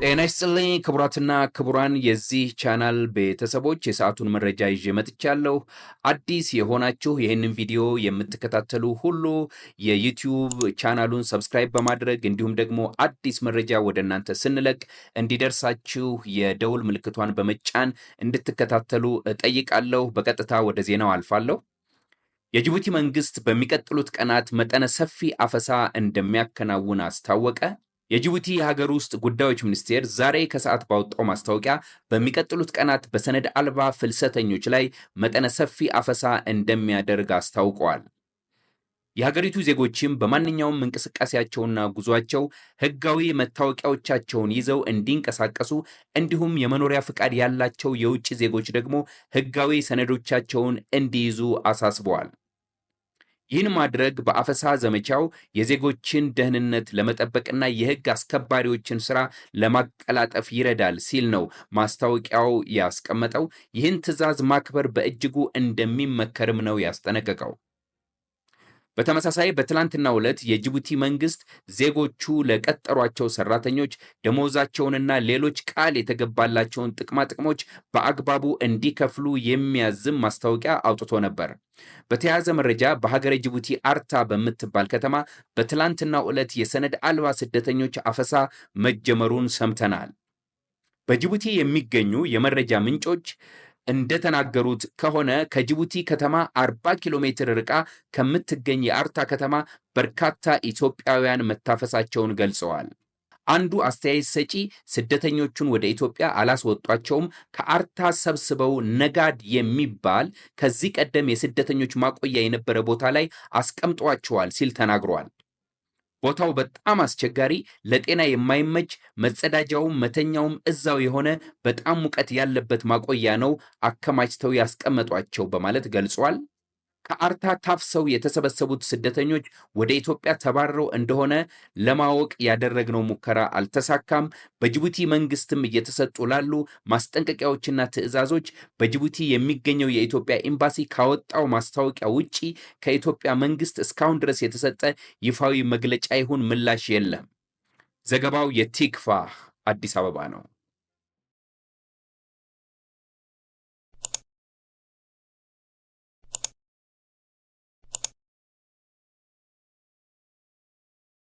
ጤና ይስጥልኝ ክቡራትና ክቡራን የዚህ ቻናል ቤተሰቦች የሰዓቱን መረጃ ይዤ መጥቻለሁ። አዲስ የሆናችሁ ይህንን ቪዲዮ የምትከታተሉ ሁሉ የዩቲዩብ ቻናሉን ሰብስክራይብ በማድረግ እንዲሁም ደግሞ አዲስ መረጃ ወደ እናንተ ስንለቅ እንዲደርሳችሁ የደውል ምልክቷን በመጫን እንድትከታተሉ እጠይቃለሁ። በቀጥታ ወደ ዜናው አልፋለሁ። የጅቡቲ መንግስት በሚቀጥሉት ቀናት መጠነ ሰፊ አፈሳ እንደሚያከናውን አስታወቀ። የጅቡቲ የሀገር ውስጥ ጉዳዮች ሚኒስቴር ዛሬ ከሰዓት ባወጣው ማስታወቂያ በሚቀጥሉት ቀናት በሰነድ አልባ ፍልሰተኞች ላይ መጠነ ሰፊ አፈሳ እንደሚያደርግ አስታውቀዋል። የሀገሪቱ ዜጎችም በማንኛውም እንቅስቃሴያቸውና ጉዟቸው ሕጋዊ መታወቂያዎቻቸውን ይዘው እንዲንቀሳቀሱ እንዲሁም የመኖሪያ ፍቃድ ያላቸው የውጭ ዜጎች ደግሞ ሕጋዊ ሰነዶቻቸውን እንዲይዙ አሳስበዋል። ይህን ማድረግ በአፈሳ ዘመቻው የዜጎችን ደህንነት ለመጠበቅና የህግ አስከባሪዎችን ስራ ለማቀላጠፍ ይረዳል ሲል ነው ማስታወቂያው ያስቀመጠው። ይህን ትዕዛዝ ማክበር በእጅጉ እንደሚመከርም ነው ያስጠነቀቀው። በተመሳሳይ በትላንትናው ዕለት የጅቡቲ መንግስት ዜጎቹ ለቀጠሯቸው ሰራተኞች ደሞዛቸውንና ሌሎች ቃል የተገባላቸውን ጥቅማጥቅሞች በአግባቡ እንዲከፍሉ የሚያዝም ማስታወቂያ አውጥቶ ነበር። በተያያዘ መረጃ በሀገረ ጅቡቲ አርታ በምትባል ከተማ በትላንትናው ዕለት የሰነድ አልባ ስደተኞች አፈሳ መጀመሩን ሰምተናል። በጅቡቲ የሚገኙ የመረጃ ምንጮች እንደተናገሩት ከሆነ ከጅቡቲ ከተማ 40 ኪሎ ሜትር ርቃ ከምትገኝ የአርታ ከተማ በርካታ ኢትዮጵያውያን መታፈሳቸውን ገልጸዋል። አንዱ አስተያየት ሰጪ ስደተኞቹን ወደ ኢትዮጵያ አላስወጧቸውም፣ ከአርታ ሰብስበው ነጋድ የሚባል ከዚህ ቀደም የስደተኞች ማቆያ የነበረ ቦታ ላይ አስቀምጧቸዋል ሲል ተናግሯል። ቦታው በጣም አስቸጋሪ፣ ለጤና የማይመች፣ መጸዳጃውም መተኛውም እዛው የሆነ በጣም ሙቀት ያለበት ማቆያ ነው አከማችተው ያስቀመጧቸው በማለት ገልጿል። ከአርታ ታፍሰው የተሰበሰቡት ስደተኞች ወደ ኢትዮጵያ ተባረው እንደሆነ ለማወቅ ያደረግነው ሙከራ አልተሳካም። በጅቡቲ መንግስትም እየተሰጡ ላሉ ማስጠንቀቂያዎችና ትዕዛዞች በጅቡቲ የሚገኘው የኢትዮጵያ ኤምባሲ ካወጣው ማስታወቂያ ውጪ ከኢትዮጵያ መንግስት እስካሁን ድረስ የተሰጠ ይፋዊ መግለጫ ይሁን ምላሽ የለም። ዘገባው የቲክፋ አዲስ አበባ ነው።